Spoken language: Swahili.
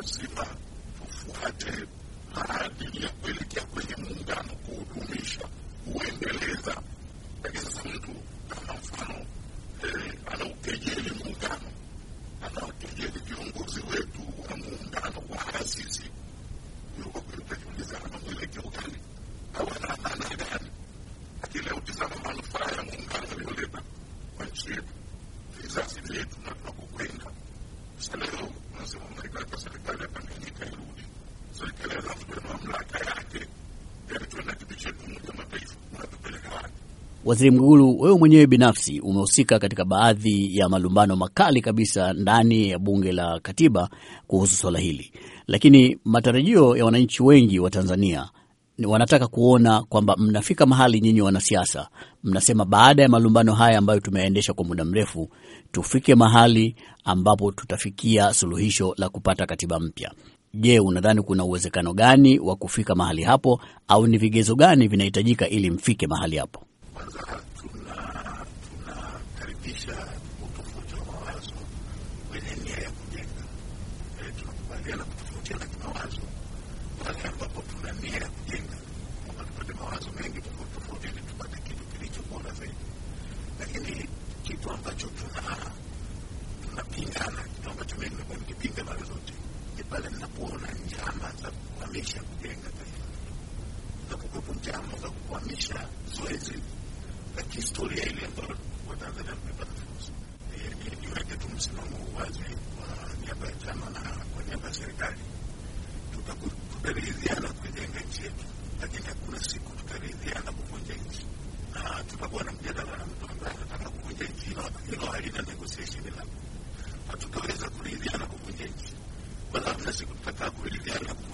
lazima tufuate maadili ya kuelekea kwenye muungano, kuhudumisha, kuendeleza. Lakini sasa mtu kama mfano eh, anaukejeli muungano, anaukejeli viongozi wetu wa muungano wa asisi Sasa leo unasema Marekani Waziri Mgulu, wewe mwenyewe binafsi umehusika katika baadhi ya malumbano makali kabisa ndani ya bunge la katiba kuhusu swala hili, lakini matarajio ya wananchi wengi wa Tanzania wanataka kuona kwamba mnafika mahali nyinyi wanasiasa mnasema, baada ya malumbano haya ambayo tumeyaendesha kwa muda mrefu, tufike mahali ambapo tutafikia suluhisho la kupata katiba mpya. Je, unadhani kuna uwezekano gani wa kufika mahali hapo, au ni vigezo gani vinahitajika ili mfike mahali hapo? Eh, ambacho tuna tunapingana, kitu ambacho mimi nimekuwa nikipinga mara zote ni pale na kuanza kukwamisha kujenga taifa na kukupunjama za kukwamisha zoezi la kihistoria ile ambayo Watanzania tumepata fursa. Niweke tu msimamo wazi kwa niaba ya chama na kwa niaba ya serikali, tutaridhiana kujenga nchi yetu, lakini hakuna siku tutaridhiana kuvunja nchi, na tutakuwa na mjadala na mtu ambaye anataka kuvunja nchi. Hilo halina negotiation, hatutaweza kuridhiana kuvunja nchi. Bueno, za mu nasi que ta